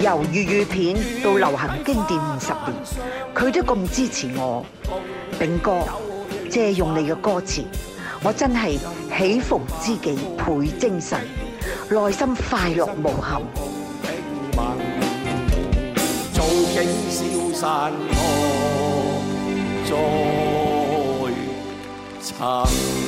由粵語片到流行經典五十年，佢都咁支持我。炳哥借用你嘅歌詞，我真係喜逢知己倍精神，內心快樂無憾。壯景消散在殘。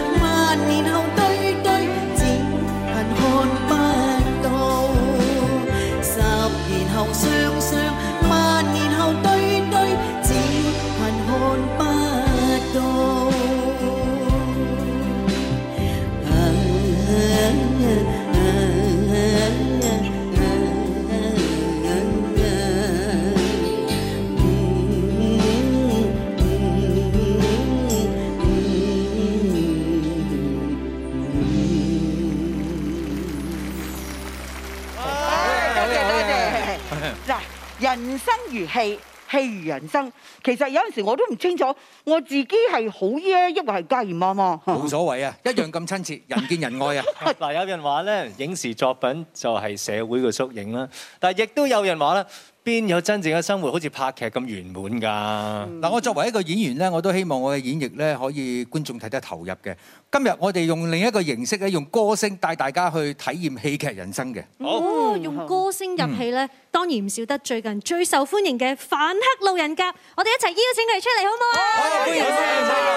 生如戲，戲如人生。其實有陣時我都唔清楚，我自己係好嘢，抑或係加鹽啊？冇所謂啊，一樣咁親切，人見人愛啊！嗱，有人話咧，影視作品就係社會嘅縮影啦。但係亦都有人話咧。邊有真正嘅生活好似拍劇咁圓滿㗎？嗱、嗯，我作為一個演員咧，我都希望我嘅演繹咧可以觀眾睇得投入嘅。今日我哋用另一個形式咧，用歌聲帶大家去體驗戲劇人生嘅。哦，用歌聲入戲咧、嗯，當然唔少得最近最受歡迎嘅反黑路人甲，我哋一齊邀請佢哋出嚟好唔好啊？好，歡迎參加。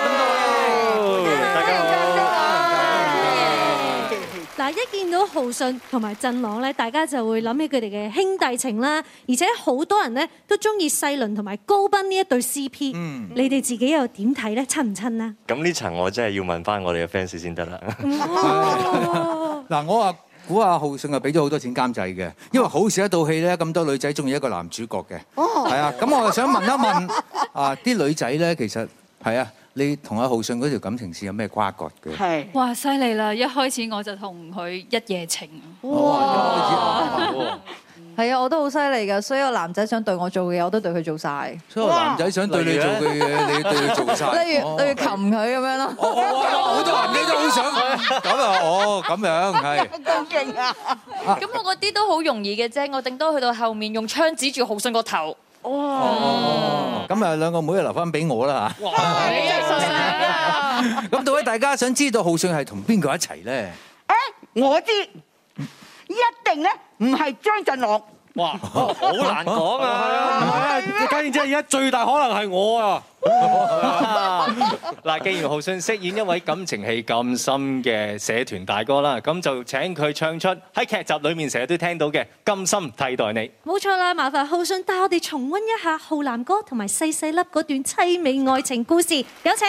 大家大家嗱，一見到浩信同埋振朗咧，大家就會諗起佢哋嘅兄弟情啦。而且好多人咧都中意世倫同埋高斌呢一對 CP。嗯，你哋自己又點睇咧？親唔親咧？咁呢層我真係要問翻我哋嘅 fans 先得啦。嗱，我話估阿浩信啊，俾咗好多錢監製嘅，因為好似一套戲咧，咁多女仔中意一個男主角嘅。哦，係啊，咁我就想問一問啊，啲女仔咧，其實係啊。你同阿浩信嗰條感情線有咩瓜葛嘅？係哇，犀利啦！一開始我就同佢一夜情，哇！係啊，我都好犀利噶，所有男仔想對我做嘅嘢，我都對佢做晒！所有男仔想對你做嘅嘢，你對佢做晒！例如，例如擒佢咁樣咯。好多男仔都好想咁啊！哦，咁、哦、 樣係咁勁啊！咁、啊、我嗰啲都好容易嘅啫，我頂多去到後面用槍指住浩信個頭。哇！咁、哦、啊，就兩個妹，妹留翻俾我啦吓，咁 到底大家想知道浩信係同邊個一齊咧？誒，我知，一定咧唔係張振朗。哇，好難講啊！咁然之後，而家最大可能係我啊！嗱，既然浩信飾演一位感情戲咁深嘅社團大哥啦，咁就請佢唱出喺劇集裏面成日都聽到嘅《甘心替代你》。冇錯啦，麻煩浩信帶我哋重溫一下浩南哥同埋細細粒嗰段淒美愛情故事，有請。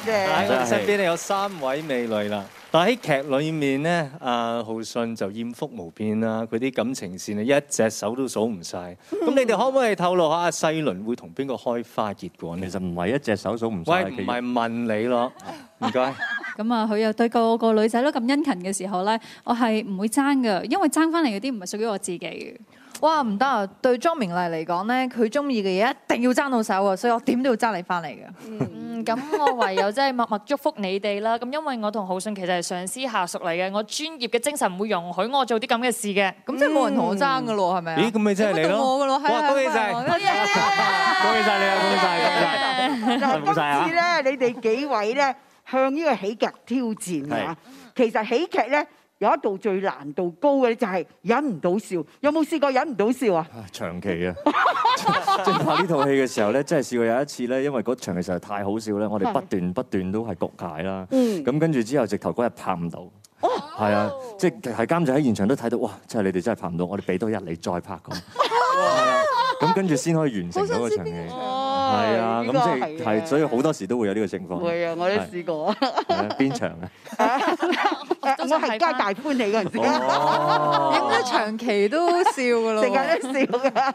喺我哋身邊咧有三位美女啦，但係喺劇裏面咧，阿浩信就艷福無邊啦，佢啲感情線啊，一隻手都數唔晒。咁你哋可唔可以透露下阿細倫會同邊個開花結果咧？其實唔係一隻手數唔晒。喂，唔係問你咯，唔該。咁啊，佢又對個個女仔都咁殷勤嘅時候咧，我係唔會爭噶，因為爭翻嚟嗰啲唔係屬於我自己嘅。哇，唔得啊！對莊明麗嚟講咧，佢中意嘅嘢一定要爭到手啊，所以我點都要爭你翻嚟嘅。咁我唯有即係默默祝福你哋啦。咁因為我同浩信其實係上司下屬嚟嘅，我專業嘅精神唔會容許我做啲咁嘅事嘅。咁即係冇人同我爭㗎咯，係咪？咦？咁咪真係你咯。到我嘅咯，恭喜曬！恭喜曬你啊！恭喜曬！恭喜曬！恭喜曬啊！所以咧，你哋幾位咧向呢個喜劇挑戰啊？其實喜劇咧。有一度最難度高嘅就係、是、忍唔到笑，有冇試過忍唔到笑啊？長期啊，即 拍呢套戲嘅時候咧，真係試過有一次咧，因為嗰場其實太好笑咧，我哋不斷，是的不，斷不斷都係焗蟹啦。嗯，咁跟住之後直頭嗰日拍唔到，係、哦、啊，即、就、係、是、監製喺現場都睇到，哇！你們真係你哋真係拍唔到，我哋俾多一日你再拍咁，咁跟住先可以完成到個場戲。啊係啊，咁即係、啊，所以好多時都會有呢個情況。係啊，我都試過。邊、啊、場啊？我係皆大歡、哦、 喜嗰陣時。點解長期都笑嘅咯？成 日都笑嘅。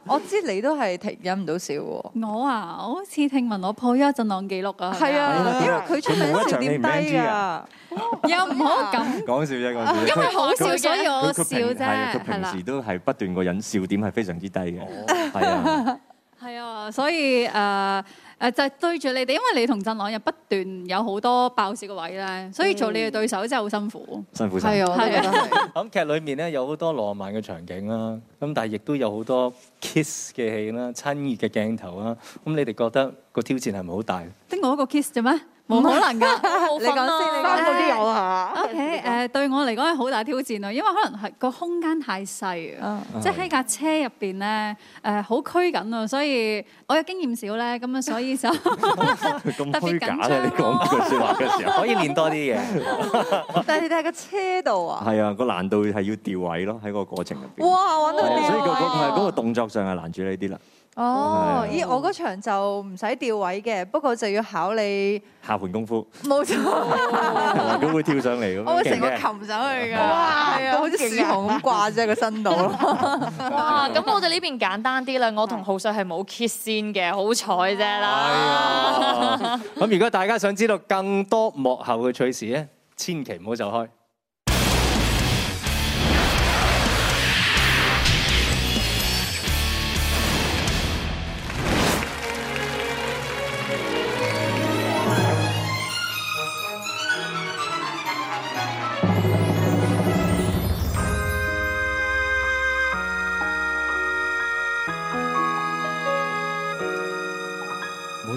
我知你都係停忍唔到笑喎。我啊，我好似聽聞我破咗振朗記錄啊。係啊，啊，因為佢出名笑點低啊，低 又唔好咁講笑啫。因為好笑，所以我笑啫。係啊，佢、啊、平時都係不斷個忍笑點係非常之低嘅。係啊。係啊，所以誒誒、呃、就係、是、對住你哋，因為你同振朗又不斷有好多爆笑嘅位咧，所以做你嘅對手真係好辛苦。嗯、辛苦晒，係啊！咁、 嗯、劇裏面咧有好多浪漫嘅場景啦，咁但係亦都有好多 kiss 嘅戲啦、親熱嘅鏡頭啦，咁你哋覺得個挑戰係咪好大？得我一個 kiss 啫咩？冇可能㗎、啊，你講先，你講嗰都有啊？O K，對我嚟講係好大挑戰啊，因為可能係個空間太細啊，uh, 即係喺架車入邊咧，好、uh, uh, 拘謹啊，所以我嘅經驗少咧，咁啊所以就 虛假 特別緊張、啊、你講句說話嘅時候， 可以練多啲嘢， 但係你哋喺個車度啊？係啊，個難度係要調位咯，喺個過程入面，哇，揾到、啊、所以、嗰個嗰、嗰個動作上係難住你啲啦。哦，咦，我嗰場就唔使吊位嘅，不過就要考你下盤功夫。冇錯，佢 會跳上嚟咁，我會成個擒上去㗎，都好似樹熊咁掛住個身度咯。哇，咁我哋呢邊簡單啲啦，我同浩信係冇 kiss 線嘅，好彩啫啦。咁、哎、如果大家想知道更多幕後嘅趣事咧，千祈唔好走開。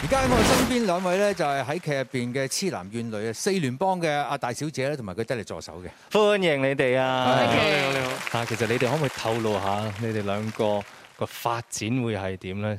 而家我身邊兩位呢，就係喺劇入邊嘅痴男怨女，四聯邦嘅阿大小姐同埋佢得嚟助手嘅。歡迎你哋啊！你好，你好。其實你哋可唔可以透露下，你哋兩個個發展會係點呢？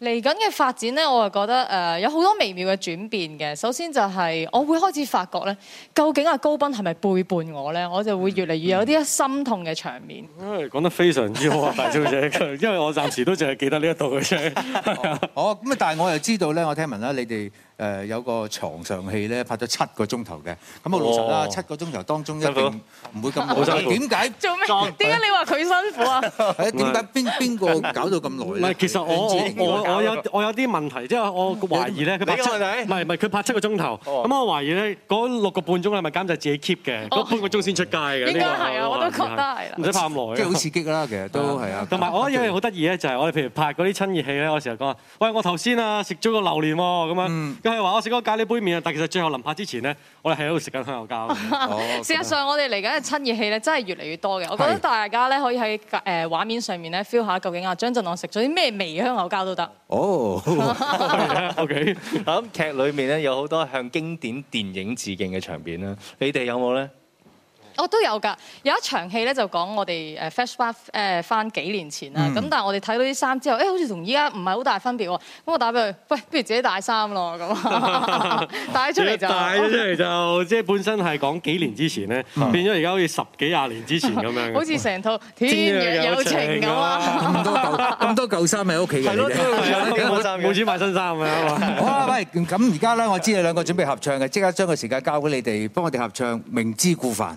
嚟緊嘅發展咧，我係覺得誒有好多微妙嘅轉變嘅。首先就係我會開始發覺咧，究竟阿高斌係咪背叛我咧？我就會越嚟越有啲心痛嘅場面。嗯。講、嗯、得非常之好啊，大小姐，因為我暫時都淨係記得呢一度嘅啫。哦，咁啊，但係我又知道咧，我聽聞啦，你哋。誒有個床上戲咧，拍咗七個鐘頭嘅，咁我老實啦，oh. 七個鐘頭當中一定唔會咁 辛苦。點解做咩？點解你話佢辛苦啊？點解邊邊個搞到咁耐？唔係，其實我我，我，我有我有啲問題，即、就、係、是我，嗯 oh. 我懷疑咧，佢拍七唔係唔係佢拍七個鐘頭，咁我懷疑咧嗰六個半鐘係咪監製自己 keep 嘅，得、oh. 半個鐘先出街嘅、oh. 這個？應該係啊，我都覺得係。唔使拍咁耐，即係好刺激啦，其實都係啊。同 埋我覺得好得意咧，就係、是、我哋譬如拍嗰啲親熱戲咧，我成日講啊，喂，我頭先啊食咗個榴蓮喎，咁樣。嗯佢係話：我食緊咖喱杯麪啊！但其實最後臨拍之前咧，我哋係喺度食緊香口膠。事實上，我哋嚟緊嘅親熱戲咧，真係越嚟越多嘅。我覺得大家咧可以喺誒畫面上面咧 feel 下究竟啊張振朗食咗啲咩味香口膠都得。哦。OK。咁劇裏面咧有好多向經典電影致敬嘅場面啦，你哋有冇咧？我、哦、都有㗎，有一場戲咧就講我哋誒 flash 翻誒翻幾年前啦，咁、嗯、但係我哋睇到啲衫之後，誒、欸、好似同依家唔係好大分別喎，咁我打俾佢，喂，不如自己帶衫咯咁，帶出嚟就，帶出嚟就，哦、即係本身係講幾年之前咧，嗯、變咗而家好似十幾廿年之前咁樣，嗯、好似成套天若有情咁、啊、咁多舊，咁多舊衫喺屋企冇錢買新衫嘅啊喂，咁而家咧我知你兩個準備合唱嘅，即刻將個時間交俾你哋，幫我哋合唱明知故犯。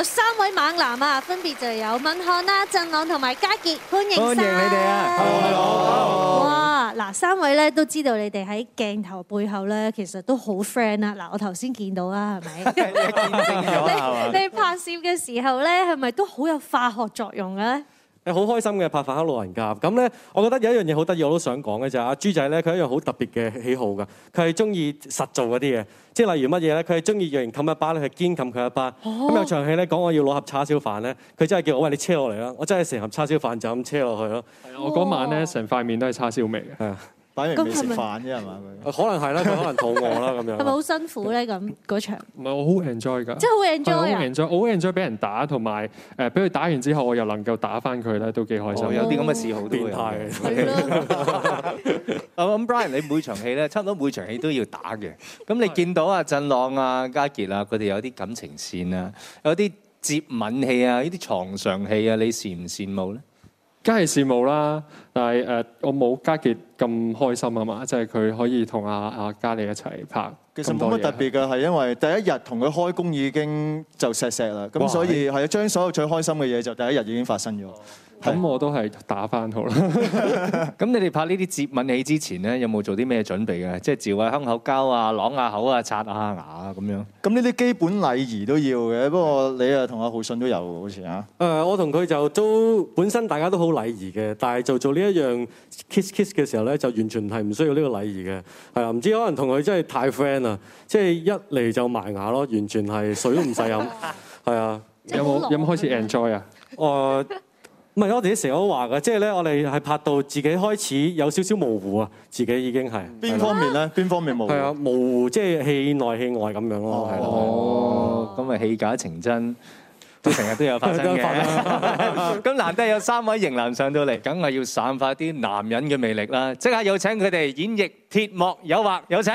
有三位猛男啊，分別就有敏瀚啦、振朗同埋家傑，歡迎曬。歡迎你哋啊！係咯，哇！嗱，三位咧都知道你哋喺鏡頭背後咧，其實都很是是 證 好 friend 啊！嗱、啊，我頭先見到啦，係咪？你拍攝嘅時候咧，係咪都好有化學作用嘅？好開心嘅拍反黑老人家，咁咧，我覺得有一樣嘢好得意，我都想講嘅就係、是、阿豬仔咧，佢一樣好特別嘅喜好噶，佢係中意實做嗰啲嘢，即係例如乜嘢咧，佢係中意要人冚一巴咧，去堅冚佢一巴。咁、啊、有場戲咧，講我要攞盒叉燒飯咧，佢真係叫我餵你車落嚟啦，我真係成盒叉燒飯就咁車落去咯。我嗰晚咧成塊面都係叉燒味嘅。打完未食飯啫係嘛？可能係啦，佢可能肚餓啦咁樣。係咪好辛苦咧？咁嗰場？唔係我好 enjoy 㗎。即係好 enjoy 啊！好 enjoy，好 enjoy 俾人打，同埋誒俾佢打完之後，我又能夠打翻佢咧，都幾開心、哦。有啲咁嘅嗜好都、哦、要。變態係咯 咁 Brian，你每場戲咧，差唔多每場戲都要打嘅。咁 你見到震啊振朗啊家傑啊，佢哋有啲感情線啊，有啲接吻戲啊，呢啲床上戲啊，你羨唔羨慕咧？梗係羨慕啦，但係誒、呃，我冇家傑咁開心啊嘛，即係佢可以同阿阿嘉莉一齊拍，其實冇乜特別嘅，係因為第一日同佢開工已經就錫錫啦，咁所以係將所有最開心嘅嘢就第一日已經發生咗。咁我都係打返好啦。咁你哋拍呢啲接吻戲之前咧，有冇做啲咩準備嘅？即係照下香口膠啊、啷下口啊、刷下牙啊咁樣。咁呢啲基本禮儀都要嘅。不過你啊同阿浩信都有好似啊。誒，我同佢就都本身大家都好禮儀嘅，但係就做呢一樣 kiss kiss 嘅時候咧，就完全係唔需要呢個禮儀嘅。係啊，唔知可能同佢真係太 friend 啦，即係一嚟就埋牙咯，完全係水都唔使飲。係啊，有冇有冇開始 enjoy 啊？我。 唔係，我哋成日都話嘅，即係咧，我哋係拍到自己開始有少少模糊啊，自己已經係邊方面咧？邊方面模糊？係啊，模糊即係戲內戲外咁樣咯，哦，咁咪、哦、戲假情真， 都成日都有發生嘅。咁難得有三位型男上到嚟，梗係要散發啲男人嘅魅力啦！即刻有請佢哋演繹鐵幕誘惑，有請。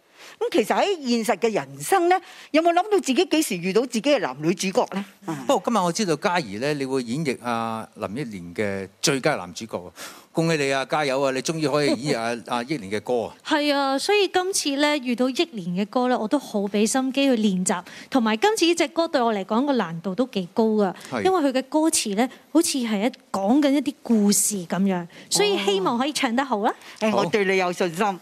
咁其實喺現實嘅人生呢，有冇諗到自己幾時遇到自己嘅男女主角呢？不過今日我知道嘉怡呢，你會演繹阿林憶蓮嘅最佳男主角。恭喜你啊！加油啊！你終於可以演啊。阿憶蓮嘅歌啊！係啊，所以今次咧遇到憶蓮嘅歌咧，我都好俾心機去練習，同埋今次呢隻歌對我嚟講個難度都幾高㗎！因為佢嘅歌詞咧，好似係一講緊一啲故事咁樣，所以希望可以唱得好啦，哦！我對你有信心。 啊、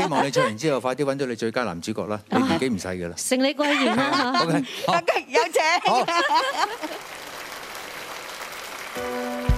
希望你唱完之後快啲揾到你最佳男主角啦！你年紀唔細㗎啦！ 承你貴言啦！ okay. 好嘅，okay, 有請。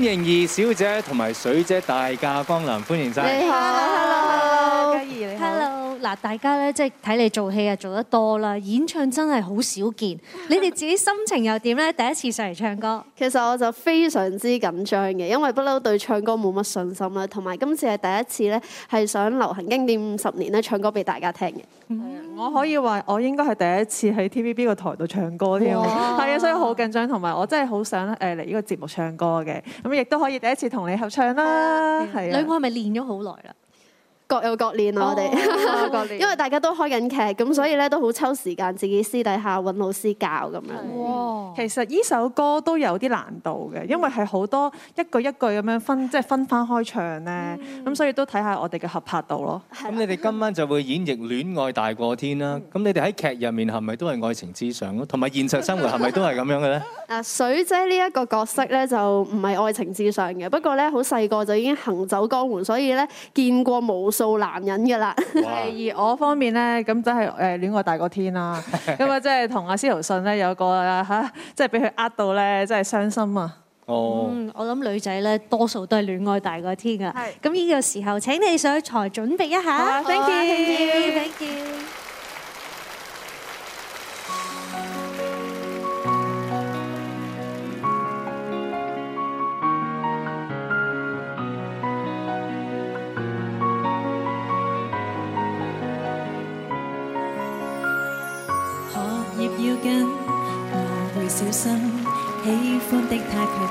歡迎二小姐同埋水姐大駕光臨，歡迎晒，hello 你你。你好你好大家咧即係睇你做戲就做得多啦，演唱真係好少見。你哋自己心情又點呢？第一次上嚟唱歌，其實我就非常之緊張嘅，因為不嬲對唱歌冇乜信心啦。同埋今次係第一次呢，係想流行經典五十年咧唱歌俾大家聽嘅、嗯。我可以話我應該係第一次喺 TVB 個台度唱歌添喎。係啊，所以好緊張，同埋我真係好想誒嚟呢個節目唱歌嘅。咁亦都可以第一次同你合唱啦。係、嗯、啊，兩個係咪練咗好耐啦？各有各練啊，我哋、oh. 因為大家都開緊劇，咁所以咧都好抽時間自己私底下揾老師教咁樣。Wow. 其實呢首歌都有啲難度嘅，因為係好多一句一句咁樣分，即、就、係、係、分翻開唱呢。咁、mm. 所以都睇下我哋嘅合拍度咯。咁你哋今晚就會演繹戀愛大過天啦。咁你哋喺劇入面係咪都係愛情至上咯？同埋現實生活係咪都係咁樣嘅呢？ 水姐呢一個角色呢，就唔係愛情至上嘅，不過呢，好細個就已經行走江湖，所以呢，見過冇。做男人嘅啦，而我方面咧，咁真係誒戀愛大過天啦，啊，咁啊、即係、真係同阿司徒信咧有個嚇，即係俾佢呃到咧，真係傷心啊！哦，嗯、我諗女仔咧多數都係戀愛大過天噶，啊，咁呢個時候請你上台準備一下，thank you，thank you。好啊，謝謝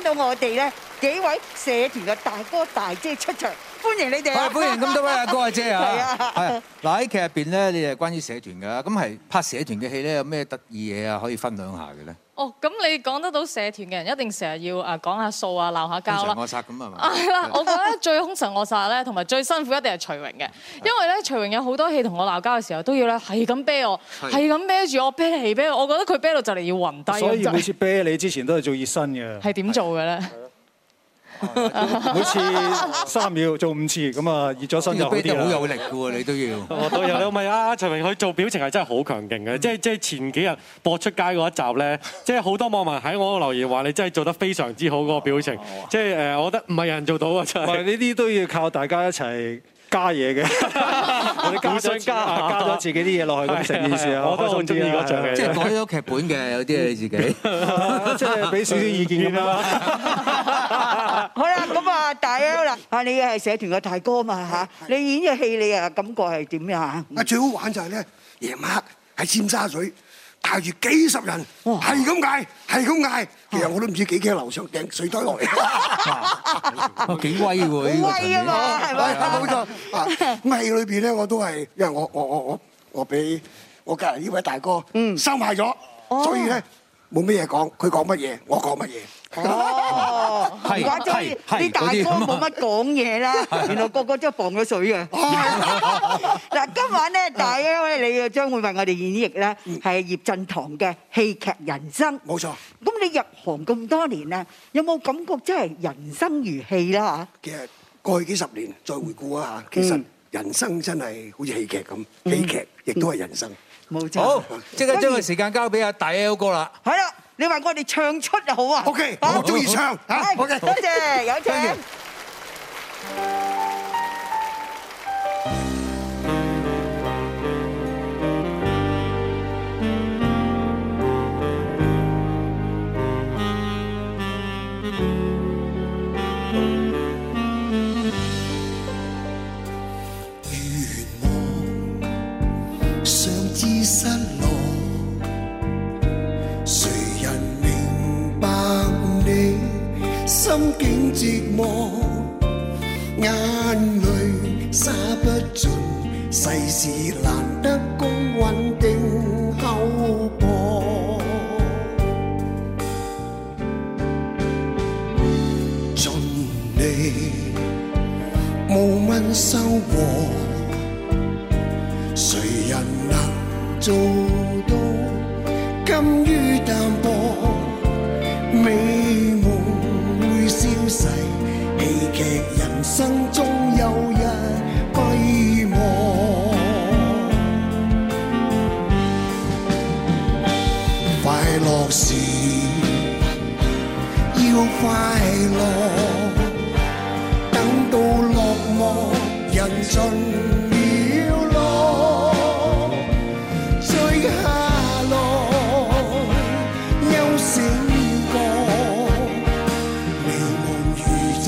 睇到我哋咧。幾位社團嘅大哥大姐出場，歡迎你哋啊！歡迎咁多位阿哥阿姐啊！係啊，係嗱喺劇入邊咧，你哋係關於社團噶，咁係拍社團嘅戲咧，有咩得意嘢啊？可以分享下嘅咧？哦，咁你講得到社團嘅人，一定成日要啊講下數啊，鬧下交啦。凶神惡煞咁啊嘛！係啦，我覺得最凶神惡煞咧，同埋最辛苦一定係徐榮嘅，因為咧徐榮有好多戲同我鬧交嘅時候，都要咧係咁啤我，係咁啤住我，啤嚟啤，我覺得佢啤到就嚟要暈低。所以每次啤你之前都係做熱身嘅。係點做嘅咧？每次三秒做五次咁啊，熱咗身就好啲啦。好有力嘅喎，你都要 我有。我由你咪啊，阿徐榮佢做表情係真係好強勁嘅。嗯、即係即係前幾日播出街嗰一集咧，即係好多網民喺我留言話你真係做得非常之好嗰個表情，即係誒，就是、我覺得唔係人做到嘅就係、是，呢啲都要靠大家一齊。加嘢嘅， 我哋加啊？加咗自己啲嘢落去咁成件事啊！我都仲中意嗰場嘅，即係改咗劇本嘅，有啲係自己， 即係俾少少意見啦。 好啦，咁啊，大 L 嗱，啊你係社團嘅大哥嘛嚇 你演嘅戲你啊感覺係點樣呀？啊，最好玩就係咧，夜晚喺尖沙咀。帶住幾十人，係咁嗌，係咁嗌。其實我都唔知幾驚，樓上掟水袋落嚟。幾威喎呢個！好威啊，係咪？冇錯。咁戲裏邊咧，我都係，因為我我我我我俾我隔離呢位大哥收埋咗，所以咧冇乜嘢講。佢講乜嘢，我講乜嘢。哦，唔怪之啲，啲大哥冇乜講嘢啦，原來個個都係放咗水嘅。嗱、哎，今晚咧、嗯、大 L 咧，你將會為我哋演繹咧，係、嗯、葉振棠嘅戲劇人生。冇錯。咁你入行咁多年咧，有冇感覺真係人生如戲啦嚇？其實過去幾十年再回顧一下，嗯、其實人生真係好似戲劇咁、嗯，戲劇亦都係人生。冇錯、嗯嗯、好，即刻將個時間交俾阿大 L 哥啦。係啦。你話我哋唱出就好啊！O K，我中意唱吓，O K，多謝有請。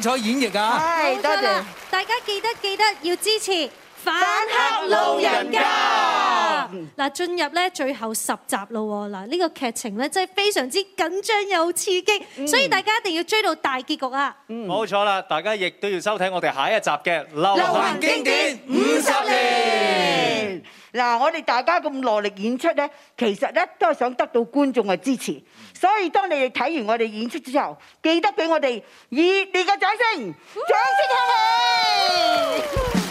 彩演繹啊！多謝，謝大家記得記得要支持反黑路人甲。嗱，進入咧最後十集咯喎，嗱呢個劇情咧真係非常之緊張又刺激，嗯，所以大家一定要追到大結局啊！冇、嗯、錯啦，大家亦都要收睇我哋下一集嘅流行經典五十年。嗱，我哋大家咁落力演出呢，其實呢都係想得到觀眾嘅支持，所以當你哋睇完我哋演出之後，記得俾我哋熱烈嘅掌聲，掌聲起！